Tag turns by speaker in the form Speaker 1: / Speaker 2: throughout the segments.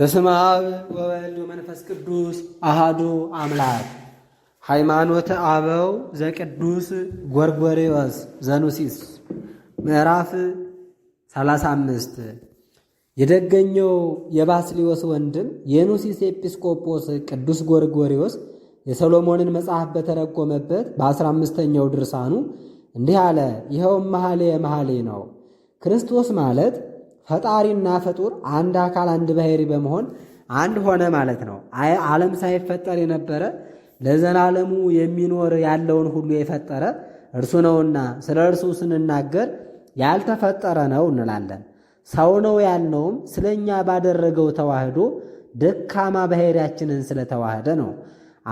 Speaker 1: በስመ አብ ወወልድ ወመንፈስ ቅዱስ አሃዱ አምላክ። ሃይማኖት አበው ዘቅዱስ ጎርጎሬዎስ ዘኑሲስ ምዕራፍ 35 የደገኘው የባስሊዮስ ወንድም የኑሲስ ኤጲስቆጶስ ቅዱስ ጎርጎሪዎስ የሰሎሞንን መጽሐፍ በተረጎመበት በ በ15ኛው ድርሳኑ እንዲህ አለ። ይኸውም መሐሌ መሐሌ ነው። ክርስቶስ ማለት ፈጣሪና ፍጡር አንድ አካል አንድ ባህሪ በመሆን አንድ ሆነ ማለት ነው። ዓለም ሳይፈጠር የነበረ ለዘላለሙ የሚኖር ያለውን ሁሉ የፈጠረ እርሱ ነውና ስለ እርሱ ስንናገር ያልተፈጠረ ነው እንላለን። ሰው ነው ያልነውም ስለ እኛ ባደረገው ተዋህዶ ደካማ ባህሪያችንን ስለተዋህደ ነው።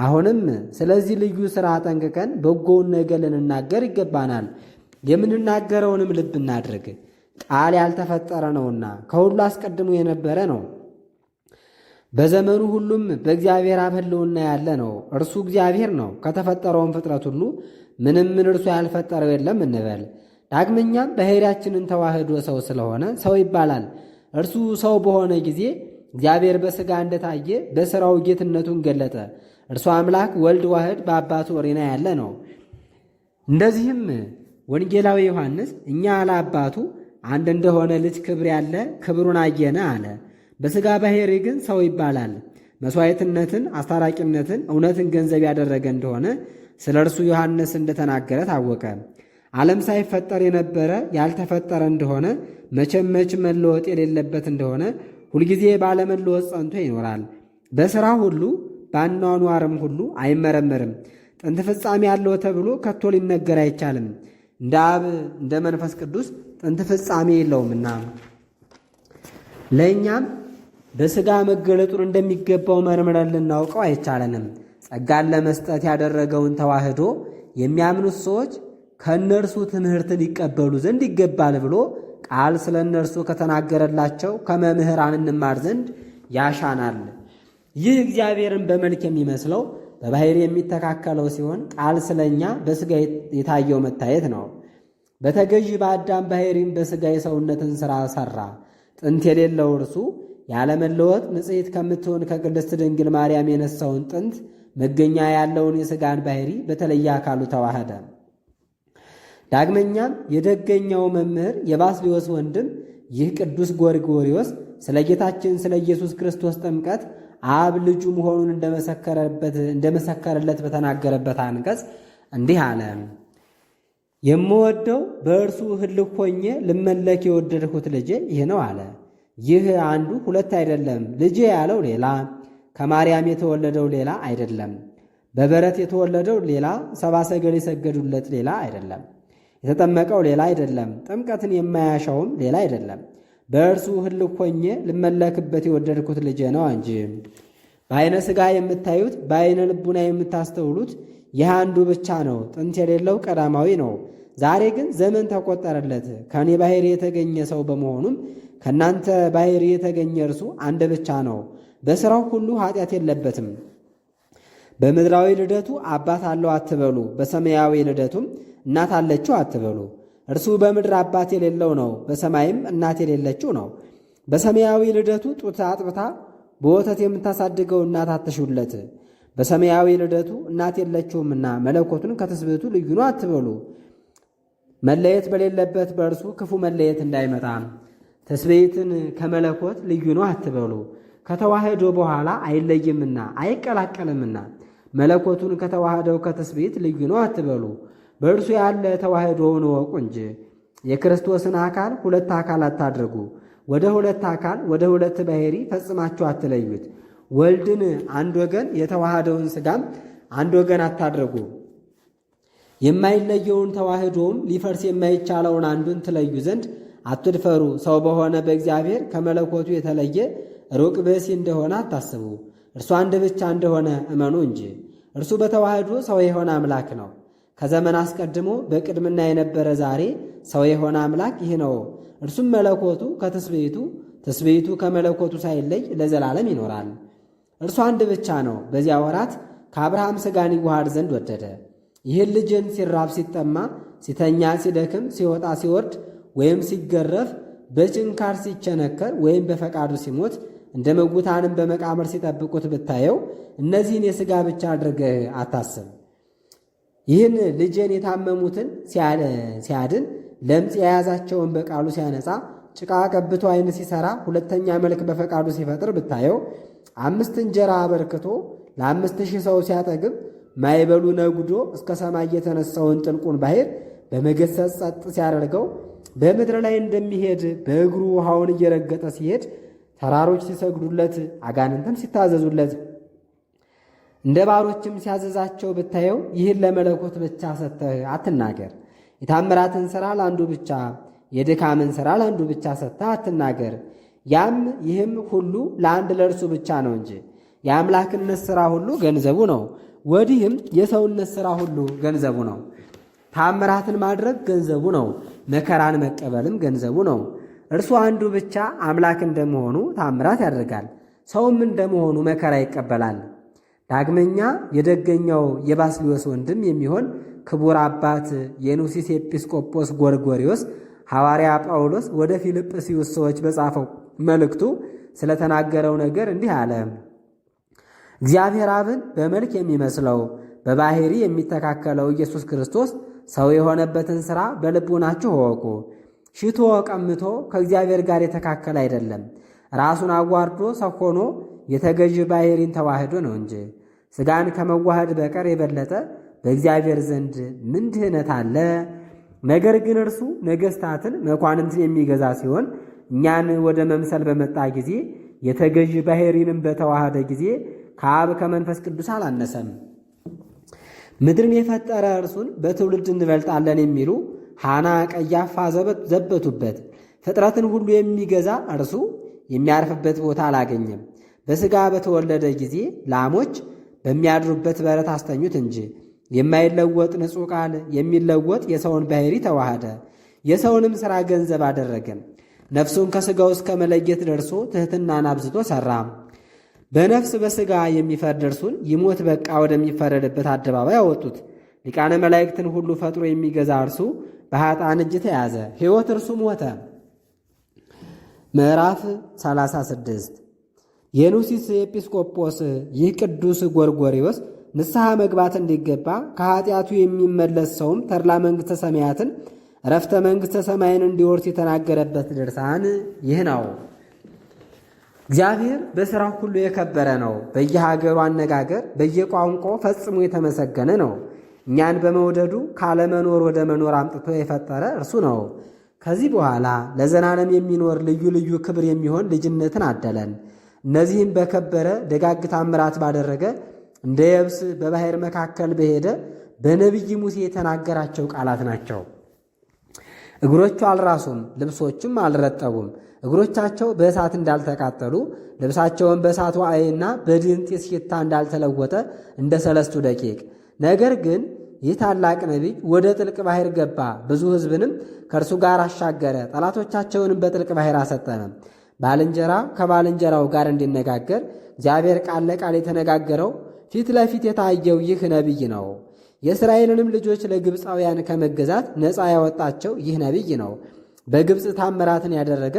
Speaker 1: አሁንም ስለዚህ ልዩ ሥራ ጠንቅቀን በጎውን ነገር ልንናገር ይገባናል። የምንናገረውንም ልብ እናድርግ። ቃል ያልተፈጠረ ነውና ከሁሉ አስቀድሞ የነበረ ነው። በዘመኑ ሁሉም በእግዚአብሔር አብ ሕልውና ያለ ነው። እርሱ እግዚአብሔር ነው። ከተፈጠረውን ፍጥረት ሁሉ ምንም ምን እርሱ ያልፈጠረው የለም እንበል። ዳግመኛም ባሕርያችንን ተዋህዶ ሰው ስለሆነ ሰው ይባላል። እርሱ ሰው በሆነ ጊዜ እግዚአብሔር በሥጋ እንደታየ በሥራው ጌትነቱን ገለጠ። እርሱ አምላክ ወልድ ዋህድ በአባቱ ወሬና ያለ ነው። እንደዚህም ወንጌላዊ ዮሐንስ እኛ ለአባቱ አንድ እንደሆነ ልጅ ክብር ያለ ክብሩን አየነ አለ። በሥጋ ባሄሪ ግን ሰው ይባላል። መሥዋዕትነትን፣ አስታራቂነትን፣ እውነትን ገንዘብ ያደረገ እንደሆነ ስለ እርሱ ዮሐንስ እንደተናገረ ታወቀ። ዓለም ሳይፈጠር የነበረ ያልተፈጠረ እንደሆነ መቼም መች መለወጥ የሌለበት እንደሆነ ሁልጊዜ ባለመለወጥ ጸንቶ ይኖራል። በሥራ ሁሉ በአኗኗርም ሁሉ አይመረመርም። ጥንት ፍጻሜ ያለው ተብሎ ከቶ ሊነገር አይቻልም። እንደ አብ እንደ መንፈስ ቅዱስ ጥንት ፍጻሜ የለውምና ለእኛም በሥጋ መገለጡን እንደሚገባው መርምረን ልናውቀው አይቻለንም። ጸጋን ለመስጠት ያደረገውን ተዋህዶ የሚያምኑት ሰዎች ከእነርሱ ትምህርትን ይቀበሉ ዘንድ ይገባል ብሎ ቃል ስለ እነርሱ ከተናገረላቸው ከመምህራን እንማር ዘንድ ያሻናል። ይህ እግዚአብሔርን በመልክ የሚመስለው በባሕርይ የሚተካከለው ሲሆን ቃል ስለ እኛ በሥጋ የታየው መታየት ነው። በተገዢ በአዳም ባሕሪም በሥጋ የሰውነትን ሥራ ሠራ። ጥንት የሌለው እርሱ ያለመለወጥ ንጽሕት ከምትሆን ከቅድስት ድንግል ማርያም የነሳውን ጥንት መገኛ ያለውን የሥጋን ባሕሪ በተለየ አካሉ ተዋህደ። ዳግመኛም የደገኛው መምህር የባስልዮስ ወንድም ይህ ቅዱስ ጎሪጎሪዮስ ስለ ጌታችን ስለ ኢየሱስ ክርስቶስ ጥምቀት አብ ልጁ መሆኑን እንደመሰከረለት በተናገረበት አንቀጽ እንዲህ አለም። የምወደው በእርሱ ህልው ሆኜ ልመለክ የወደድሁት ልጄ ይህ ነው አለ። ይህ አንዱ ሁለት አይደለም፣ ልጄ ያለው ሌላ፣ ከማርያም የተወለደው ሌላ አይደለም፣ በበረት የተወለደው ሌላ፣ ሰባሰገል ሰገል የሰገዱለት ሌላ አይደለም፣ የተጠመቀው ሌላ አይደለም፣ ጥምቀትን የማያሻውም ሌላ አይደለም። በእርሱ ህልው ሆኜ ልመለክበት የወደድኩት ልጄ ነው እንጂ በአይነ ሥጋ የምታዩት በአይነ ልቡና የምታስተውሉት ይህ አንዱ ብቻ ነው፣ ጥንት የሌለው ቀዳማዊ ነው። ዛሬ ግን ዘመን ተቆጠረለት። ከእኔ ባሕርይ የተገኘ ሰው በመሆኑም ከእናንተ ባሕርይ የተገኘ እርሱ አንድ ብቻ ነው። በሥራው ሁሉ ኃጢአት የለበትም። በምድራዊ ልደቱ አባት አለው አትበሉ፣ በሰማያዊ ልደቱም እናት አለችው አትበሉ። እርሱ በምድር አባት የሌለው ነው፣ በሰማይም እናት የሌለችው ነው። በሰማያዊ ልደቱ ጡት አጥብታ በወተት የምታሳድገው እናት አትሹለት። በሰማያዊ ልደቱ እናት የለችውምና መለኮቱን ከትስብእቱ ልዩ ነው አትበሉ። መለየት በሌለበት በእርሱ ክፉ መለየት እንዳይመጣ ትስብእትን ከመለኮት ልዩ ነው አትበሉ። ከተዋህዶ በኋላ አይለይምና አይቀላቀልምና መለኮቱን ከተዋህደው ከትስብእት ልዩ ነው አትበሉ። በእርሱ ያለ ተዋህዶውን እወቁ እንጂ የክርስቶስን አካል ሁለት አካል አታድርጉ። ወደ ሁለት አካል ወደ ሁለት ባሕሪ ፈጽማችሁ አትለዩት። ወልድን አንድ ወገን የተዋሃደውን ስጋም አንድ ወገን አታድርጉ። የማይለየውን ተዋህዶም ሊፈርስ የማይቻለውን አንዱን ትለዩ ዘንድ አትድፈሩ። ሰው በሆነ በእግዚአብሔር ከመለኮቱ የተለየ ሩቅ ብእሲ እንደሆነ አታስቡ። እርሱ አንድ ብቻ እንደሆነ እመኑ እንጂ። እርሱ በተዋህዶ ሰው የሆነ አምላክ ነው። ከዘመን አስቀድሞ በቅድምና የነበረ ዛሬ ሰው የሆነ አምላክ ይህ ነው። እርሱም መለኮቱ ከትስብእቱ ትስብእቱ ከመለኮቱ ሳይለይ ለዘላለም ይኖራል። እርሱ አንድ ብቻ ነው። በዚያ ወራት ከአብርሃም ሥጋን ይዋሃድ ዘንድ ወደደ። ይህን ልጅን ሲራብ፣ ሲጠማ፣ ሲተኛ፣ ሲደክም፣ ሲወጣ፣ ሲወርድ ወይም ሲገረፍ፣ በጭንካር ሲቸነከር ወይም በፈቃዱ ሲሞት እንደ መጉታንም በመቃብር ሲጠብቁት ብታየው እነዚህን የሥጋ ብቻ አድርገህ አታስብ። ይህን ልጄን የታመሙትን ሲያድን ለምጽ የያዛቸውን በቃሉ ሲያነጻ ጭቃ ቀብቶ ዓይን ሲሠራ ሁለተኛ መልክ በፈቃዱ ሲፈጥር ብታየው አምስት እንጀራ አበርክቶ ለአምስት ሺህ ሰው ሲያጠግብ ማይበሉ ነጉዶ እስከ ሰማይ የተነሳውን ጥልቁን ባሕር በመገሰጽ ጸጥ ሲያደርገው በምድር ላይ እንደሚሄድ በእግሩ ውሃውን እየረገጠ ሲሄድ ተራሮች ሲሰግዱለት፣ አጋንንትም ሲታዘዙለት እንደ ባሮችም ሲያዘዛቸው ብታየው ይህን ለመለኮት ብቻ ሰጥተህ አትናገር። የታምራትን ሥራ ለአንዱ ብቻ፣ የድካምን ሥራ ለአንዱ ብቻ ሰጥተህ አትናገር። ያም ይህም ሁሉ ለአንድ ለእርሱ ብቻ ነው እንጂ የአምላክነት ሥራ ሁሉ ገንዘቡ ነው። ወዲህም የሰውነት ሥራ ሁሉ ገንዘቡ ነው። ታምራትን ማድረግ ገንዘቡ ነው። መከራን መቀበልም ገንዘቡ ነው። እርሱ አንዱ ብቻ አምላክ እንደመሆኑ ታምራት ያደርጋል። ሰውም እንደመሆኑ መከራ ይቀበላል። ዳግመኛ የደገኛው የባስልዮስ ወንድም የሚሆን ክቡር አባት የኑሲስ ኤጲስቆጶስ ጎርጎሪዎስ ሐዋርያ ጳውሎስ ወደ ፊልጵስዩስ ሰዎች በጻፈው መልእክቱ ስለተናገረው ነገር እንዲህ አለ። እግዚአብሔር አብን በመልክ የሚመስለው በባሕሪ የሚተካከለው ኢየሱስ ክርስቶስ ሰው የሆነበትን ሥራ በልቡናችሁ እወቁ። ሽቶ ቀምቶ ከእግዚአብሔር ጋር የተካከለ አይደለም፣ ራሱን አዋርዶ ሰው ሆኖ የተገዥ ባሕሪን ተዋህዶ ነው እንጂ። ሥጋን ከመዋህድ በቀር የበለጠ በእግዚአብሔር ዘንድ ምን ድህነት አለ? ነገር ግን እርሱ ነገሥታትን መኳንንትን የሚገዛ ሲሆን እኛን ወደ መምሰል በመጣ ጊዜ የተገዥ ባሕሪንም በተዋሃደ ጊዜ ከአብ ከመንፈስ ቅዱስ አላነሰም። ምድርን የፈጠረ እርሱን በትውልድ እንበልጣለን የሚሉ ሐና፣ ቀያፋ ዘበቱበት። ፍጥረትን ሁሉ የሚገዛ እርሱ የሚያርፍበት ቦታ አላገኘም። በሥጋ በተወለደ ጊዜ ላሞች በሚያድሩበት በረት አስተኙት እንጂ የማይለወጥ ንጹሕ ቃል የሚለወጥ የሰውን ባሕሪ ተዋሃደ፣ የሰውንም ሥራ ገንዘብ አደረገም። ነፍሱን ከሥጋው እስከ መለየት ደርሶ ትሕትናን አብዝቶ ሠራ። በነፍስ በሥጋ የሚፈርድ እርሱን ይሞት በቃ ወደሚፈረድበት አደባባይ አወጡት። ሊቃነ መላእክትን ሁሉ ፈጥሮ የሚገዛ እርሱ በኃጥአን እጅ ተያዘ። ሕይወት እርሱ ሞተ። ምዕራፍ 36 የኑሲስ ኤጲስቆጶስ ይህ ቅዱስ ጎርጎሪዎስ ንስሐ መግባት እንዲገባ ከኃጢአቱ የሚመለስ ሰውም ተድላ መንግሥተ ሰማያትን እረፍተ መንግሥተ ሰማይን እንዲወርስ የተናገረበት ድርሳን ይህ ነው። እግዚአብሔር በሥራው ሁሉ የከበረ ነው። በየሀገሩ አነጋገር፣ በየቋንቋው ፈጽሞ የተመሰገነ ነው። እኛን በመውደዱ ካለመኖር ወደ መኖር አምጥቶ የፈጠረ እርሱ ነው። ከዚህ በኋላ ለዘላለም የሚኖር ልዩ ልዩ ክብር የሚሆን ልጅነትን አደለን። እነዚህም በከበረ ደጋግ ታምራት ባደረገ እንደ የብስ በባሕር መካከል በሄደ በነቢይ ሙሴ የተናገራቸው ቃላት ናቸው። እግሮቹ አልራሱም፣ ልብሶቹም አልረጠቡም። እግሮቻቸው በእሳት እንዳልተቃጠሉ ልብሳቸውን በእሳት ዋዕይና በድንት ሽታ እንዳልተለወጠ እንደ ሰለስቱ ደቂቅ። ነገር ግን ይህ ታላቅ ነቢይ ወደ ጥልቅ ባሕር ገባ፣ ብዙ ሕዝብንም ከእርሱ ጋር አሻገረ፣ ጠላቶቻቸውንም በጥልቅ ባሕር አሰጠመ። ባልንጀራ ከባልንጀራው ጋር እንዲነጋገር እግዚአብሔር ቃል ለቃል የተነጋገረው ፊት ለፊት የታየው ይህ ነቢይ ነው። የእስራኤልንም ልጆች ለግብፃውያን ከመገዛት ነፃ ያወጣቸው ይህ ነቢይ ነው። በግብፅ ታምራትን ያደረገ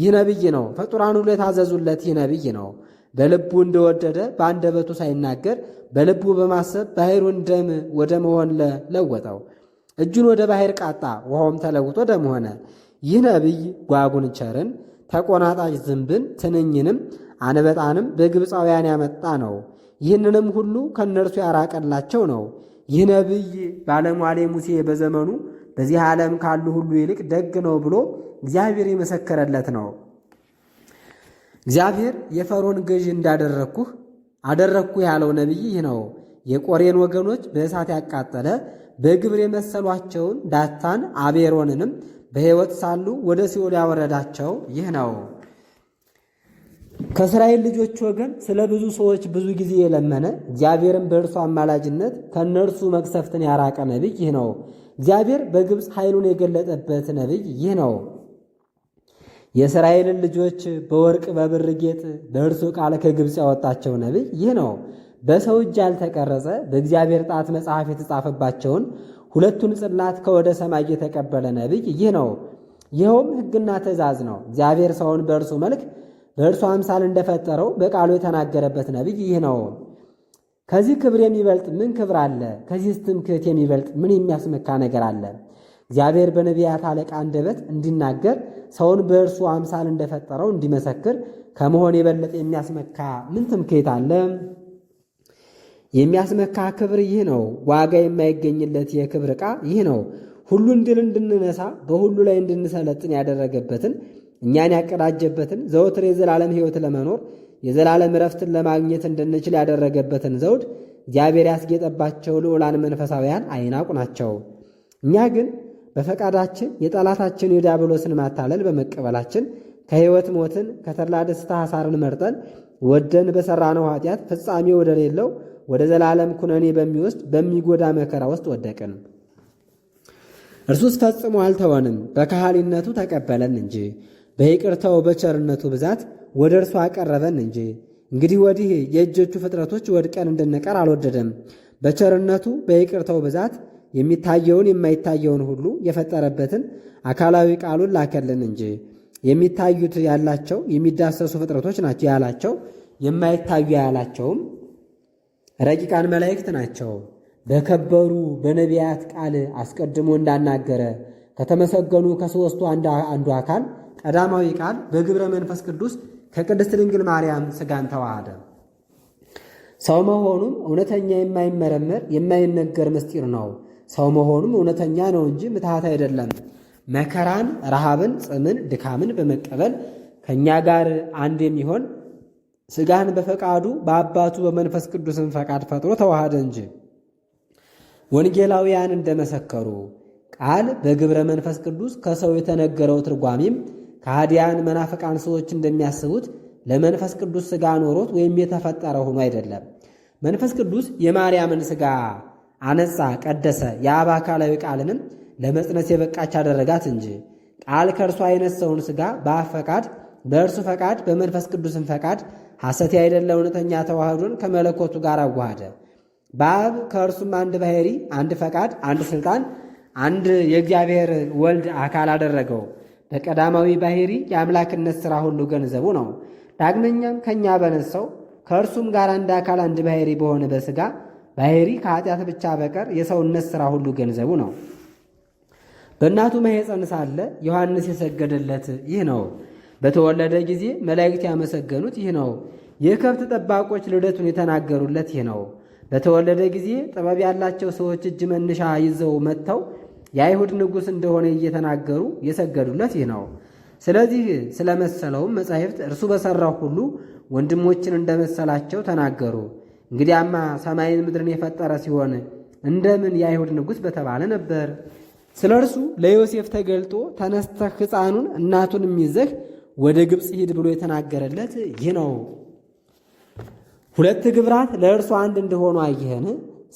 Speaker 1: ይህ ነቢይ ነው። ፍጡራን ሁሉ የታዘዙለት ይህ ነቢይ ነው። በልቡ እንደወደደ በአንደበቱ ሳይናገር በልቡ በማሰብ ባሕሩን ደም ወደ መሆን ለወጠው። እጁን ወደ ባሕር ቃጣ፣ ውሃውም ተለውጦ ደም ሆነ። ይህ ነቢይ ቸርን፣ ተቆናጣጭ ዝንብን፣ ትንኝንም፣ አንበጣንም በግብፃውያን ያመጣ ነው። ይህንንም ሁሉ ከእነርሱ ያራቀላቸው ነው። ይህ ነቢይ ባለሟሌ ሙሴ በዘመኑ በዚህ ዓለም ካሉ ሁሉ ይልቅ ደግ ነው ብሎ እግዚአብሔር የመሰከረለት ነው። እግዚአብሔር የፈርዖን ገዥ እንዳደረግኩህ አደረግኩ ያለው ነቢይ ይህ ነው። የቆሬን ወገኖች በእሳት ያቃጠለ በግብር የመሰሏቸውን ዳታን አቤሮንንም በሕይወት ሳሉ ወደ ሲኦል ያወረዳቸው ይህ ነው። ከእስራኤል ልጆች ወገን ስለ ብዙ ሰዎች ብዙ ጊዜ የለመነ እግዚአብሔርን በእርሱ አማላጅነት ከእነርሱ መቅሰፍትን ያራቀ ነቢይ ይህ ነው። እግዚአብሔር በግብፅ ኃይሉን የገለጠበት ነቢይ ይህ ነው። የእስራኤልን ልጆች በወርቅ በብር ጌጥ በእርሱ ቃል ከግብፅ ያወጣቸው ነቢይ ይህ ነው። በሰው እጅ ያልተቀረጸ በእግዚአብሔር ጣት መጽሐፍ የተጻፈባቸውን ሁለቱን ጽላት ከወደ ሰማይ የተቀበለ ነቢይ ይህ ነው። ይኸውም ሕግና ትእዛዝ ነው። እግዚአብሔር ሰውን በእርሱ መልክ በእርሱ አምሳል እንደፈጠረው በቃሉ የተናገረበት ነቢይ ይህ ነው። ከዚህ ክብር የሚበልጥ ምን ክብር አለ? ከዚህ ትምክህት የሚበልጥ ምን የሚያስመካ ነገር አለ? እግዚአብሔር በነቢያት አለቃ አንደበት እንዲናገር ሰውን በእርሱ አምሳል እንደፈጠረው እንዲመሰክር ከመሆን የበለጠ የሚያስመካ ምን ትምክህት አለ? የሚያስመካ ክብር ይህ ነው። ዋጋ የማይገኝለት የክብር ዕቃ ይህ ነው። ሁሉን ድል እንድንነሳ በሁሉ ላይ እንድንሰለጥን ያደረገበትን እኛን ያቀዳጀበትን ዘወትር የዘላለም ሕይወት ለመኖር የዘላለም ዕረፍትን ለማግኘት እንድንችል ያደረገበትን ዘውድ እግዚአብሔር ያስጌጠባቸው ልዑላን መንፈሳውያን አይናቁ ናቸው። እኛ ግን በፈቃዳችን የጠላታችን የዲያብሎስን ማታለል በመቀበላችን ከሕይወት ሞትን ከተድላ ደስታ ሐሳርን መርጠን ወደን በሠራነው ኃጢአት ፍጻሜ ወደሌለው ወደ ዘላለም ኩነኔ በሚወስድ በሚጎዳ መከራ ውስጥ ወደቅን። እርሱስ ፈጽሞ አልተወንም፣ በካህሊነቱ ተቀበለን እንጂ በይቅርታው በቸርነቱ ብዛት ወደ እርሱ አቀረበን እንጂ። እንግዲህ ወዲህ የእጆቹ ፍጥረቶች ወድቀን እንድንቀር አልወደደም። በቸርነቱ በይቅርታው ብዛት የሚታየውን የማይታየውን ሁሉ የፈጠረበትን አካላዊ ቃሉን ላከልን እንጂ የሚታዩት ያላቸው የሚዳሰሱ ፍጥረቶች ናቸው ያላቸው የማይታዩ ያላቸውም ረቂቃን መላእክት ናቸው። በከበሩ በነቢያት ቃል አስቀድሞ እንዳናገረ ከተመሰገኑ ከሦስቱ አንዱ አካል ቀዳማዊ ቃል በግብረ መንፈስ ቅዱስ ከቅድስት ድንግል ማርያም ሥጋን ተዋሃደ። ሰው መሆኑም እውነተኛ የማይመረመር የማይነገር ምስጢር ነው። ሰው መሆኑም እውነተኛ ነው እንጂ ምትሃት አይደለም። መከራን፣ ረሃብን፣ ጽምን፣ ድካምን በመቀበል ከእኛ ጋር አንድ የሚሆን ሥጋን በፈቃዱ በአባቱ በመንፈስ ቅዱስን ፈቃድ ፈጥሮ ተዋሃደ እንጂ ወንጌላውያን እንደመሰከሩ ቃል በግብረ መንፈስ ቅዱስ ከሰው የተነገረው ትርጓሜም ከሃዲያን መናፍቃን ሰዎች እንደሚያስቡት ለመንፈስ ቅዱስ ሥጋ ኖሮት ወይም የተፈጠረ ሆኖ አይደለም። መንፈስ ቅዱስ የማርያምን ሥጋ አነጻ፣ ቀደሰ፣ የአብ አካላዊ ቃልንም ለመጽነስ የበቃች አደረጋት እንጂ ቃል ከእርሷ የነሰውን ሥጋ በአብ ፈቃድ፣ በእርሱ ፈቃድ፣ በመንፈስ ቅዱስን ፈቃድ ሐሰት ያይደለ እውነተኛ ተዋህዶን ከመለኮቱ ጋር አዋሃደ። በአብ ከእርሱም አንድ ባሕሪ፣ አንድ ፈቃድ፣ አንድ ሥልጣን፣ አንድ የእግዚአብሔር ወልድ አካል አደረገው። በቀዳማዊ ባህሪ የአምላክነት ሥራ ሁሉ ገንዘቡ ነው። ዳግመኛም ከእኛ በነሰው ከእርሱም ጋር አንድ አካል አንድ ባህሪ በሆነ በሥጋ ባህሪ ከኃጢአት ብቻ በቀር የሰውነት ሥራ ሁሉ ገንዘቡ ነው። በእናቱ ማኅፀን ሳለ ዮሐንስ የሰገደለት ይህ ነው። በተወለደ ጊዜ መላእክት ያመሰገኑት ይህ ነው። የከብት ጠባቆች ልደቱን የተናገሩለት ይህ ነው። በተወለደ ጊዜ ጥበብ ያላቸው ሰዎች እጅ መንሻ ይዘው መጥተው የአይሁድ ንጉሥ እንደሆነ እየተናገሩ የሰገዱለት ይህ ነው። ስለዚህ ስለመሰለውም መጻሕፍት እርሱ በሠራው ሁሉ ወንድሞችን እንደመሰላቸው ተናገሩ። እንግዲያማ ሰማይን ምድርን የፈጠረ ሲሆን እንደምን የአይሁድ ንጉሥ በተባለ ነበር። ስለ እርሱ ለዮሴፍ ተገልጦ ተነስተህ ሕፃኑን እናቱን የሚዘህ ወደ ግብፅ ሂድ ብሎ የተናገረለት ይህ ነው። ሁለት ግብራት ለእርሱ አንድ እንደሆኑ አየህን?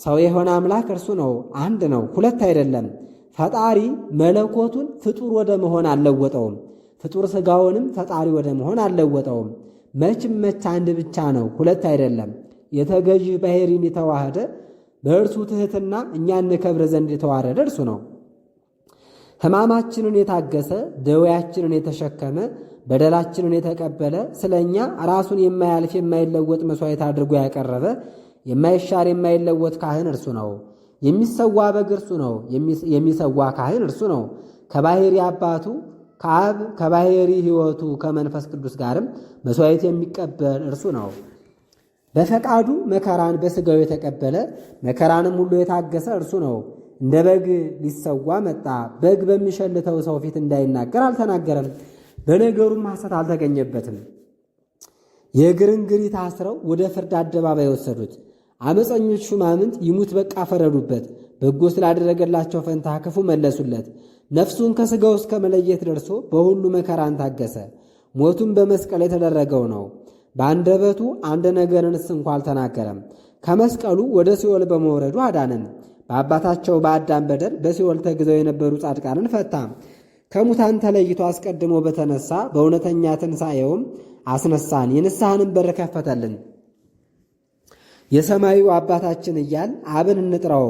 Speaker 1: ሰው የሆነ አምላክ እርሱ ነው፣ አንድ ነው፣ ሁለት አይደለም። ፈጣሪ መለኮቱን ፍጡር ወደ መሆን አልለወጠውም። ፍጡር ሥጋውንም ፈጣሪ ወደ መሆን አልለወጠውም። መችም መች አንድ ብቻ ነው፣ ሁለት አይደለም። የተገዥ ባሕሪን የተዋህደ በእርሱ ትሕትና እኛ እንከብር ዘንድ የተዋረደ እርሱ ነው። ሕማማችንን የታገሰ ደዌያችንን የተሸከመ በደላችንን የተቀበለ ስለ እኛ ራሱን የማያልፍ የማይለወጥ መሥዋዕት አድርጎ ያቀረበ የማይሻር የማይለወጥ ካህን እርሱ ነው። የሚሰዋ በግ እርሱ ነው። የሚሰዋ ካህን እርሱ ነው። ከባሕሪ አባቱ ከአብ ከባሕሪ ሕይወቱ ከመንፈስ ቅዱስ ጋርም መሥዋዕት የሚቀበል እርሱ ነው። በፈቃዱ መከራን በሥጋው የተቀበለ መከራንም ሁሉ የታገሰ እርሱ ነው። እንደ በግ ሊሰዋ መጣ። በግ በሚሸልተው ሰው ፊት እንዳይናገር አልተናገረም፣ በነገሩም ሐሰት አልተገኘበትም። ግሪት አስረው ወደ ፍርድ አደባባይ ወሰዱት። አመፀኞች ሹማምንት ይሙት በቃ ፈረዱበት። በጎ ስላደረገላቸው ፈንታ ክፉ መለሱለት። ነፍሱን ከሥጋው እስከ መለየት ደርሶ በሁሉ መከራን ታገሰ። ሞቱን በመስቀል የተደረገው ነው። በአንደበቱ አንድ ነገርንስ እንኳ አልተናገረም። ከመስቀሉ ወደ ሲኦል በመውረዱ አዳንን። በአባታቸው በአዳም በደል በሲኦል ተግዘው የነበሩ ጻድቃንን ፈታ። ከሙታን ተለይቶ አስቀድሞ በተነሳ በእውነተኛ ትንሣኤውም አስነሳን፣ የንስሐንም በር ከፈተልን። የሰማዩ አባታችን እያል አብን እንጥራው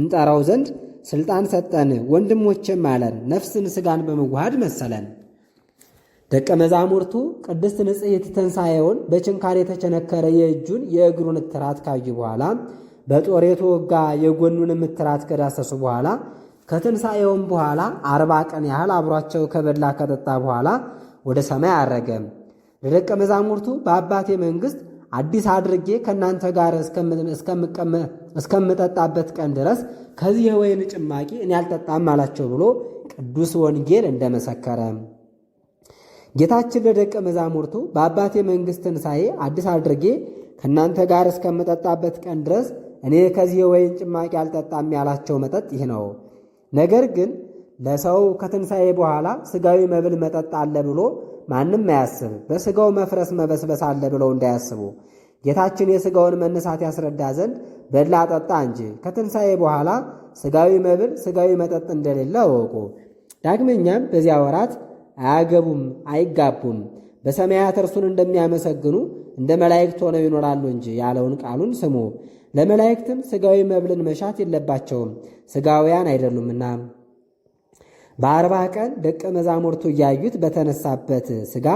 Speaker 1: እንጠራው ዘንድ ሥልጣን ሰጠን። ወንድሞችም አለን ነፍስን ሥጋን በመዋሃድ መሰለን። ደቀ መዛሙርቱ ቅድስት ንጽሕት ትንሣኤውን በችንካር የተቸነከረ የእጁን የእግሩን እትራት ካዩ በኋላ በጦር የተወጋ የጎኑን እትራት ከዳሰሱ በኋላ ከትንሣኤውም በኋላ አርባ ቀን ያህል አብሯቸው ከበላ ከጠጣ በኋላ ወደ ሰማይ አረገ። ለደቀ መዛሙርቱ በአባቴ መንግሥት አዲስ አድርጌ ከእናንተ ጋር እስከምጠጣበት ቀን ድረስ ከዚህ የወይን ጭማቂ እኔ አልጠጣም አላቸው ብሎ ቅዱስ ወንጌል እንደመሰከረ ጌታችን ለደቀ መዛሙርቱ በአባቴ መንግሥት ትንሣኤ አዲስ አድርጌ ከእናንተ ጋር እስከምጠጣበት ቀን ድረስ እኔ ከዚህ የወይን ጭማቂ አልጠጣም ያላቸው መጠጥ ይህ ነው። ነገር ግን ለሰው ከትንሣኤ በኋላ ሥጋዊ መብል መጠጥ አለ ብሎ ማንም አያስብ በሥጋው መፍረስ መበስበስ አለ ብለው እንዳያስቡ ጌታችን የሥጋውን መነሳት ያስረዳ ዘንድ በላ ጠጣ እንጂ ከትንሣኤ በኋላ ሥጋዊ መብል ሥጋዊ መጠጥ እንደሌለ አወቁ። ዳግመኛም በዚያ ወራት አያገቡም፣ አይጋቡም በሰማያት እርሱን እንደሚያመሰግኑ እንደ መላእክት ሆነው ይኖራሉ እንጂ ያለውን ቃሉን ስሙ። ለመላእክትም ሥጋዊ መብልን መሻት የለባቸውም ሥጋውያን አይደሉምና። በአርባ ቀን ደቀ መዛሙርቱ እያዩት በተነሳበት ሥጋ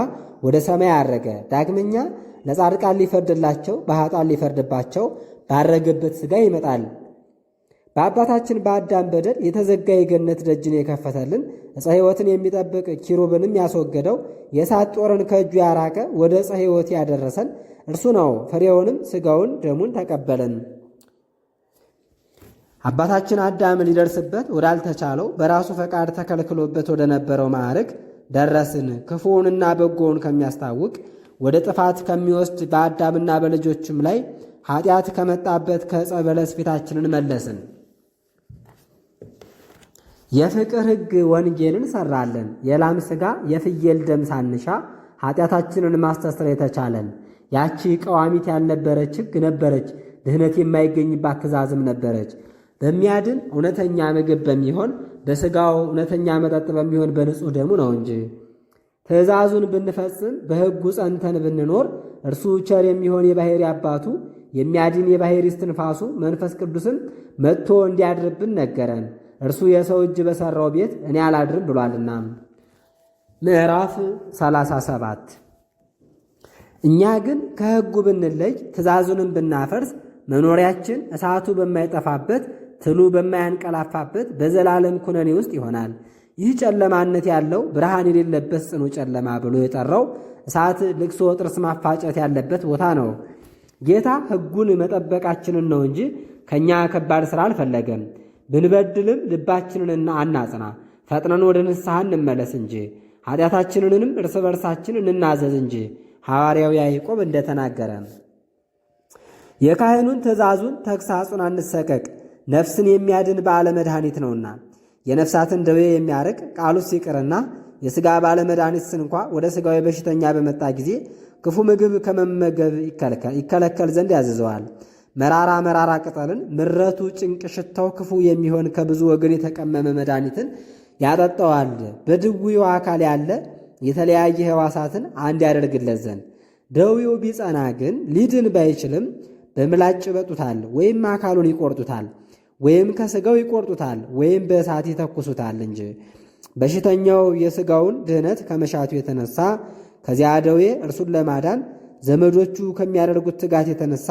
Speaker 1: ወደ ሰማይ አረገ። ዳግመኛ ለጻድቃን ሊፈርድላቸው በኃጣን ሊፈርድባቸው ባረገበት ሥጋ ይመጣል። በአባታችን በአዳም በደል የተዘጋ የገነት ደጅን የከፈተልን ዕፀ ሕይወትን የሚጠብቅ ኪሩብንም ያስወገደው የእሳት ጦርን ከእጁ ያራቀ ወደ ዕፀ ሕይወት ያደረሰን እርሱ ነው። ፍሬውንም ሥጋውን ደሙን ተቀበለን አባታችን አዳም ሊደርስበት ወዳልተቻለው በራሱ ፈቃድ ተከልክሎበት ወደ ነበረው ማዕረግ ደረስን። ክፉውንና በጎውን ከሚያስታውቅ ወደ ጥፋት ከሚወስድ በአዳምና በልጆችም ላይ ኃጢአት ከመጣበት ከዕፀ በለስ ፊታችንን መለስን። የፍቅር ሕግ ወንጌልን ሰራለን። የላም ሥጋ የፍየል ደም ሳንሻ ኃጢአታችንን ማስተስረ የተቻለን ያቺ ቀዋሚት ያልነበረች ሕግ ነበረች። ድህነት የማይገኝባት ትእዛዝም ነበረች። በሚያድን እውነተኛ ምግብ በሚሆን በሥጋው እውነተኛ መጠጥ በሚሆን በንጹሕ ደሙ ነው እንጂ። ትእዛዙን ብንፈጽም በሕጉ ጸንተን ብንኖር እርሱ ቸር የሚሆን የባሕሪ አባቱ የሚያድን የባሕሪ እስትንፋሱ መንፈስ ቅዱስን መጥቶ እንዲያድርብን ነገረን። እርሱ የሰው እጅ በሠራው ቤት እኔ አላድርም ብሏልና። ምዕራፍ 37 እኛ ግን ከሕጉ ብንለይ ትእዛዙንም ብናፈርስ መኖሪያችን እሳቱ በማይጠፋበት ትሉ በማያንቀላፋበት በዘላለም ኩነኔ ውስጥ ይሆናል። ይህ ጨለማነት ያለው ብርሃን የሌለበት ጽኑ ጨለማ ብሎ የጠራው እሳት፣ ልቅሶ፣ ጥርስ ማፋጨት ያለበት ቦታ ነው። ጌታ ሕጉን መጠበቃችንን ነው እንጂ ከእኛ ከባድ ሥራ አልፈለገም። ብንበድልም ልባችንንና አናጽና፣ ፈጥነን ወደ ንስሐ እንመለስ እንጂ ኃጢአታችንንም እርስ በርሳችን እንናዘዝ እንጂ ሐዋርያው ያዕቆብ እንደተናገረ የካህኑን ትእዛዙን ተግሳጹን አንሰቀቅ ነፍስን የሚያድን ባለመድኃኒት ነውና የነፍሳትን ደዌ የሚያርቅ ቃሉ ሲቅርና የሥጋ ባለመድኃኒት ስንኳ ወደ ሥጋዊ በሽተኛ በመጣ ጊዜ ክፉ ምግብ ከመመገብ ይከለከል ዘንድ ያዝዘዋል። መራራ መራራ ቅጠልን ምረቱ ጭንቅ ሽታው ክፉ የሚሆን ከብዙ ወገን የተቀመመ መድኃኒትን ያጠጣዋል። በድዌው አካል ያለ የተለያየ ሕዋሳትን አንድ ያደርግለት ዘንድ ደዌው ቢጸና ግን ሊድን ባይችልም በምላጭ ይበጡታል ወይም አካሉን ይቆርጡታል። ወይም ከስጋው ይቆርጡታል ወይም በእሳት ይተኩሱታል እንጂ በሽተኛው የስጋውን ድህነት ከመሻቱ የተነሳ ከዚያ ደዌ እርሱን ለማዳን ዘመዶቹ ከሚያደርጉት ትጋት የተነሳ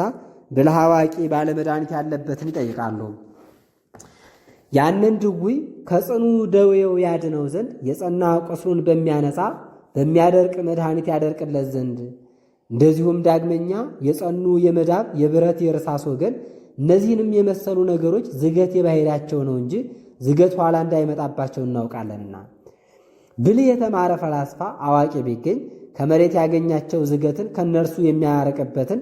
Speaker 1: ብልህ አዋቂ ባለመድኃኒት ያለበትን ይጠይቃሉ። ያንን ድውይ ከጽኑ ደዌው ያድነው ዘንድ የጸና ቁስሉን በሚያነጻ በሚያደርቅ መድኃኒት ያደርቅለት ዘንድ እንደዚሁም ዳግመኛ የጸኑ የመዳብ የብረት የእርሳስ ወገን እነዚህንም የመሰሉ ነገሮች ዝገት የባህሪያቸው ነው እንጂ ዝገት ኋላ እንዳይመጣባቸው እናውቃለንና። ብልህ የተማረ ፈላስፋ አዋቂ ቢገኝ ከመሬት ያገኛቸው ዝገትን ከእነርሱ የሚያረቅበትን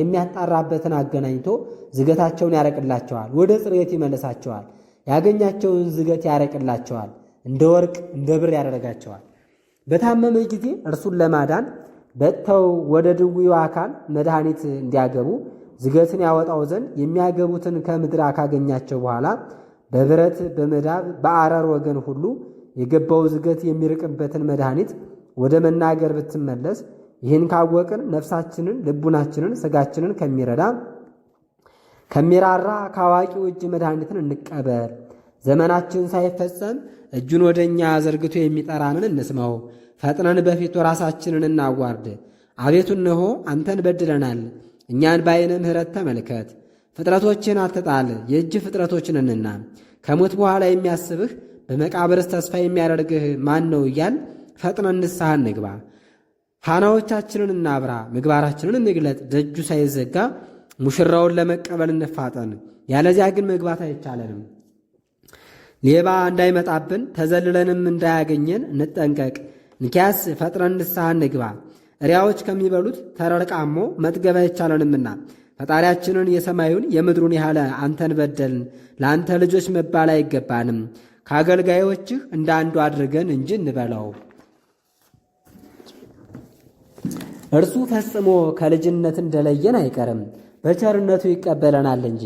Speaker 1: የሚያጣራበትን አገናኝቶ ዝገታቸውን ያረቅላቸዋል፣ ወደ ጽርየት ይመልሳቸዋል። ያገኛቸውን ዝገት ያረቅላቸዋል፣ እንደ ወርቅ እንደ ብር ያደርጋቸዋል። በታመመ ጊዜ እርሱን ለማዳን በጥተው ወደ ድዊው አካል መድኃኒት እንዲያገቡ ዝገትን ያወጣው ዘንድ የሚያገቡትን ከምድር ካገኛቸው በኋላ በብረት በመዳብ በአረር ወገን ሁሉ የገባው ዝገት የሚርቅበትን መድኃኒት ወደ መናገር ብትመለስ ይህን ካወቅን ነፍሳችንን፣ ልቡናችንን፣ ስጋችንን ከሚረዳ ከሚራራ ከአዋቂው እጅ መድኃኒትን እንቀበል። ዘመናችን ሳይፈጸም እጁን ወደ እኛ ዘርግቶ የሚጠራንን እንስማው። ፈጥነን በፊቱ ራሳችንን እናዋርድ። አቤቱ እነሆ አንተን በድለናል እኛን በዓይነ ምሕረት ተመልከት። ፍጥረቶችን አትጣል፣ የእጅ ፍጥረቶችንንና ከሞት በኋላ የሚያስብህ በመቃብርስ ተስፋ የሚያደርግህ ማን ነው እያል ፈጥነን ንስሐ እንግባ። ፋናዎቻችንን እናብራ፣ ምግባራችንን እንግለጥ። ደጁ ሳይዘጋ ሙሽራውን ለመቀበል እንፋጠን። ያለዚያ ግን መግባት አይቻለንም። ሌባ እንዳይመጣብን ተዘልለንም እንዳያገኘን እንጠንቀቅ። ንኪያስ ፈጥነን ንስሐ እንግባ። ሪያዎች ከሚበሉት ተረርቃሞ መጥገብ አይቻለንምና ፈጣሪያችንን የሰማዩን የምድሩን ያህለ አንተን በደልን፣ ለአንተ ልጆች መባል አይገባንም። ከአገልጋዮችህ እንደ አንዱ አድርገን እንጂ እንበለው። እርሱ ፈጽሞ ከልጅነት እንደለየን አይቀርም፣ በቸርነቱ ይቀበለናል እንጂ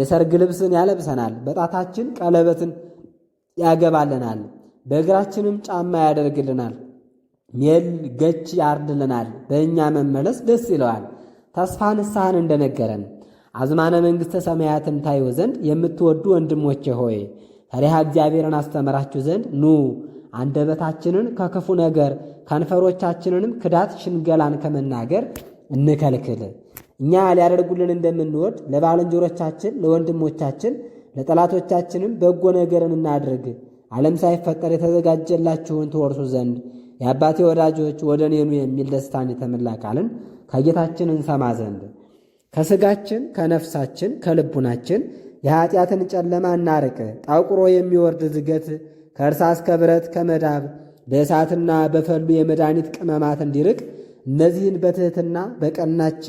Speaker 1: የሰርግ ልብስን ያለብሰናል፣ በጣታችን ቀለበትን ያገባልናል፣ በእግራችንም ጫማ ያደርግልናል። ሜል ገች ያርድልናል፣ በእኛ መመለስ ደስ ይለዋል። ተስፋ ንስሐን እንደነገረን አዝማነ መንግሥተ ሰማያትን ታዩ ዘንድ የምትወዱ ወንድሞቼ ሆይ ፈሪሃ እግዚአብሔርን አስተምራችሁ ዘንድ ኑ አንደበታችንን ከክፉ ነገር ከንፈሮቻችንንም ክዳት ሽንገላን ከመናገር እንከልክል። እኛ ሊያደርጉልን እንደምንወድ ለባልንጀሮቻችን፣ ለወንድሞቻችን፣ ለጠላቶቻችንም በጎ ነገርን እናድርግ። ዓለም ሳይፈጠር የተዘጋጀላችሁን ትወርሱ ዘንድ የአባቴ ወዳጆች ወደ እኔኑ የሚል ደስታን የተመላ ቃልን ከጌታችን እንሰማ ዘንድ ከስጋችን ከነፍሳችን ከልቡናችን የኃጢአትን ጨለማ እናርቅ። ጠቁሮ የሚወርድ ዝገት ከእርሳስ ከብረት ከመዳብ በእሳትና በፈሉ የመድኃኒት ቅመማት እንዲርቅ እነዚህን በትሕትና በቀናች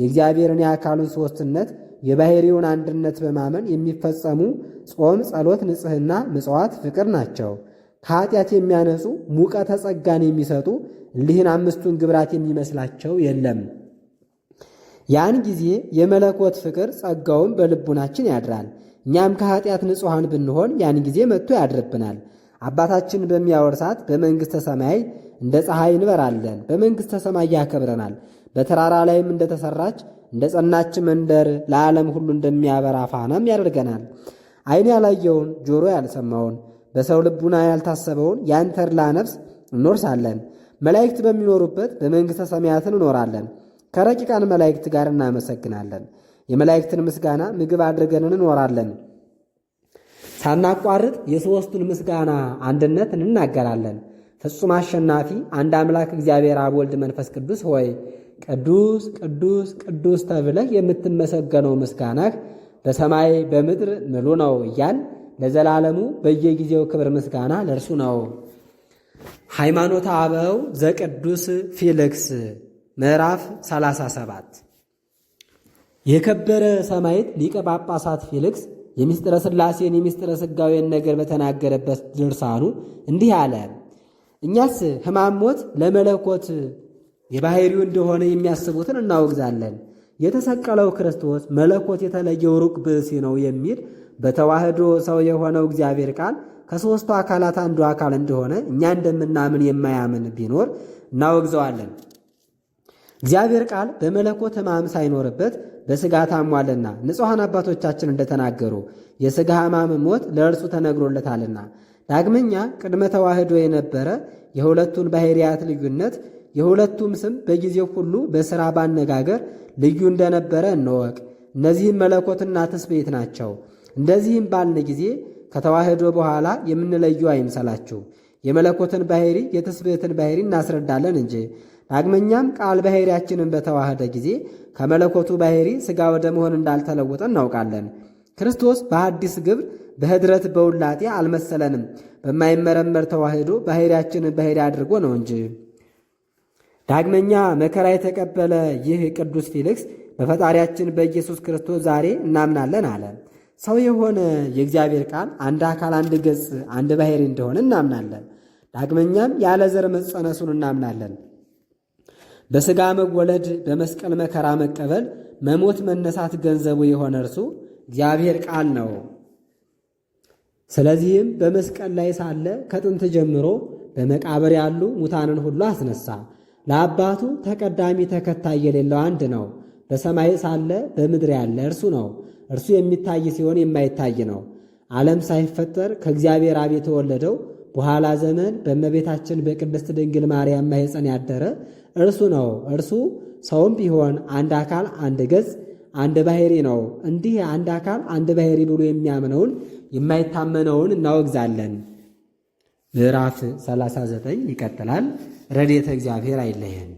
Speaker 1: የእግዚአብሔርን የአካሉን ሦስትነት የባሕሪውን አንድነት በማመን የሚፈጸሙ ጾም፣ ጸሎት፣ ንጽሕና፣ ምጽዋት፣ ፍቅር ናቸው። ከኃጢአት የሚያነጹ ሙቀተ ጸጋን የሚሰጡ እሊህን አምስቱን ግብራት የሚመስላቸው የለም። ያን ጊዜ የመለኮት ፍቅር ጸጋውን በልቡናችን ያድራል። እኛም ከኃጢአት ንጹሐን ብንሆን ያን ጊዜ መጥቶ ያድርብናል። አባታችን በሚያወርሳት በመንግሥተ ሰማይ እንደ ፀሐይ እንበራለን። በመንግሥተ ሰማይ ያከብረናል። በተራራ ላይም እንደተሰራች እንደ ጸናች መንደር ለዓለም ሁሉ እንደሚያበራ ፋናም ያደርገናል። አይን ያላየውን ጆሮ ያልሰማውን በሰው ልቡና ያልታሰበውን ያን ነፍስ እንወርሳለን። መላእክት በሚኖሩበት በመንግሥተ ሰማያትን እኖራለን። ከረቂቃን መላእክት ጋር እናመሰግናለን። የመላእክትን ምስጋና ምግብ አድርገን እንኖራለን። ሳናቋርጥ የሦስቱን ምስጋና አንድነት እንናገራለን። ፍጹም አሸናፊ አንድ አምላክ እግዚአብሔር አብ፣ ወልድ፣ መንፈስ ቅዱስ ሆይ ቅዱስ ቅዱስ ቅዱስ ተብለህ የምትመሰገነው ምስጋናህ በሰማይ በምድር ምሉ ነው እያል ለዘላለሙ በየጊዜው ክብር ምስጋና ለእርሱ ነው። ሃይማኖተ አበው ዘቅዱስ ፊልክስ ምዕራፍ 37 የከበረ ሰማዕት ሊቀ ጳጳሳት ፊልክስ የምስጢረ ሥላሴን የምስጢረ ሥጋዌን ነገር በተናገረበት ድርሳኑ እንዲህ አለ። እኛስ ሕማም ሞት ለመለኮት የባሕሪው እንደሆነ የሚያስቡትን እናወግዛለን። የተሰቀለው ክርስቶስ መለኮት የተለየው ሩቅ ብእሲ ነው የሚል በተዋህዶ ሰው የሆነው እግዚአብሔር ቃል ከሦስቱ አካላት አንዱ አካል እንደሆነ እኛ እንደምናምን የማያምን ቢኖር እናወግዘዋለን። እግዚአብሔር ቃል በመለኮት ሕማም ሳይኖርበት በሥጋ ታሟልና ንጹሐን አባቶቻችን እንደተናገሩ የሥጋ ሕማም ሞት ለእርሱ ተነግሮለታልና። ዳግመኛ ቅድመ ተዋህዶ የነበረ የሁለቱን ባሕርያት ልዩነት የሁለቱም ስም በጊዜው ሁሉ በሥራ ባነጋገር ልዩ እንደነበረ እንወቅ። እነዚህም መለኮትና ትስብእት ናቸው። እንደዚህም ባልን ጊዜ ከተዋህዶ በኋላ የምንለዩ አይምሰላችሁ። የመለኮትን ባሕሪ የትስብእትን ባሕሪ እናስረዳለን እንጂ። ዳግመኛም ቃል ባሕሪያችንን በተዋህደ ጊዜ ከመለኮቱ ባሕሪ ሥጋ ወደ መሆን እንዳልተለወጠ እናውቃለን። ክርስቶስ በአዲስ ግብር በህድረት በውላጤ አልመሰለንም። በማይመረመር ተዋህዶ ባሕሪያችንን ባሕሪ አድርጎ ነው እንጂ። ዳግመኛ መከራ የተቀበለ ይህ ቅዱስ ፊልክስ በፈጣሪያችን በኢየሱስ ክርስቶስ ዛሬ እናምናለን አለን። ሰው የሆነ የእግዚአብሔር ቃል አንድ አካል፣ አንድ ገጽ፣ አንድ ባሕርይ እንደሆነ እናምናለን። ዳግመኛም ያለ ዘር መጸነሱን እናምናለን። በሥጋ መወለድ፣ በመስቀል መከራ መቀበል፣ መሞት፣ መነሳት ገንዘቡ የሆነ እርሱ እግዚአብሔር ቃል ነው። ስለዚህም በመስቀል ላይ ሳለ ከጥንት ጀምሮ በመቃብር ያሉ ሙታንን ሁሉ አስነሳ። ለአባቱ ተቀዳሚ ተከታይ የሌለው አንድ ነው። በሰማይ ሳለ በምድር ያለ እርሱ ነው። እርሱ የሚታይ ሲሆን የማይታይ ነው። ዓለም ሳይፈጠር ከእግዚአብሔር አብ የተወለደው በኋላ ዘመን በእመቤታችን በቅድስት ድንግል ማርያም ማኅፀን ያደረ እርሱ ነው። እርሱ ሰውም ቢሆን አንድ አካል፣ አንድ ገጽ፣ አንድ ባሕሪ ነው። እንዲህ አንድ አካል አንድ ባሕሪ ብሎ የሚያምነውን የማይታመነውን እናወግዛለን። ምዕራፍ 39 ይቀጥላል። ረድኤተ እግዚአብሔር አይለየን።